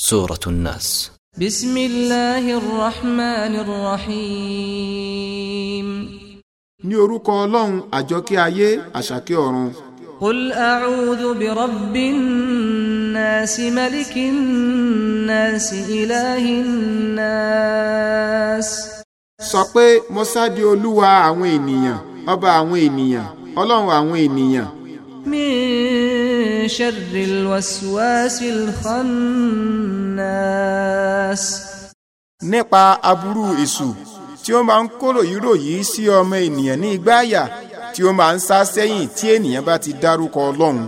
سورة الناس بسم الله الرحمن الرحيم ní orúkọ ọlọ́run àjọkẹ́ ayé àṣàkẹ́ ọ̀run. قل أعوذ برب الناس ملك الناس إله الناس. sọ pé mo sáde olúwa àwọn ènìyàn ọba àwọn ènìyàn ọlọ́run àwọn ènìyàn. min شر الوسواس الخناس nípa aburú èṣù tí ó máa ń kólò yúrò yìí sí ọmọ ènìyàn ní igbá àyà tí ó máa ń sá sẹ́yìn tí ènìyàn bá ti dárúkọ ọlọ́run.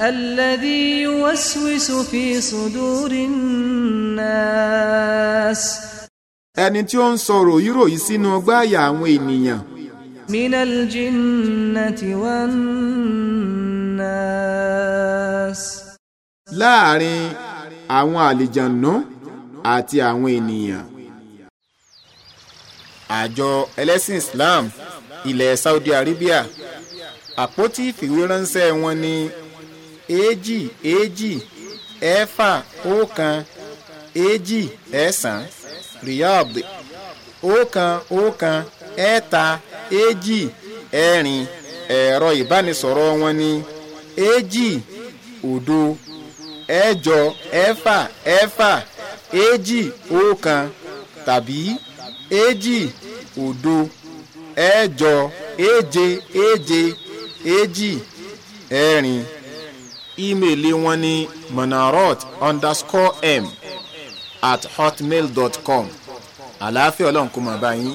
الذي يوسوس في صدور الناس ẹni tí ó ń sọ ròyìn ròyìn sínú ọgbà àyà àwọn ènìyàn. minal jinnati wan nas láàrin àwọn àlìjànú àti àwọn ènìyàn. àjọ ẹlẹ́sìn Islam ilẹ̀ Saudi Arabia àpótí ìfìwéránṣẹ́ wọn ní èjì èjì ẹ̀fà ọ̀kan èjì ẹ̀sán Riyadh ọ̀kan ọ̀kan ẹ̀ta èjì ẹ̀rin ẹ̀rọ ìbánisọ̀rọ̀ wọn ní èjì òdo ẹ̀jọ ẹ̀fà ẹ̀fà èjì ọ̀kan tàbí èjì òdo ẹ̀jọ èje èje èjì ẹ̀rin ímeèlì wọn ní monarot underscore m at hotmail dot com àlàáfíà ọlọ́run kò mọ̀ báyìí.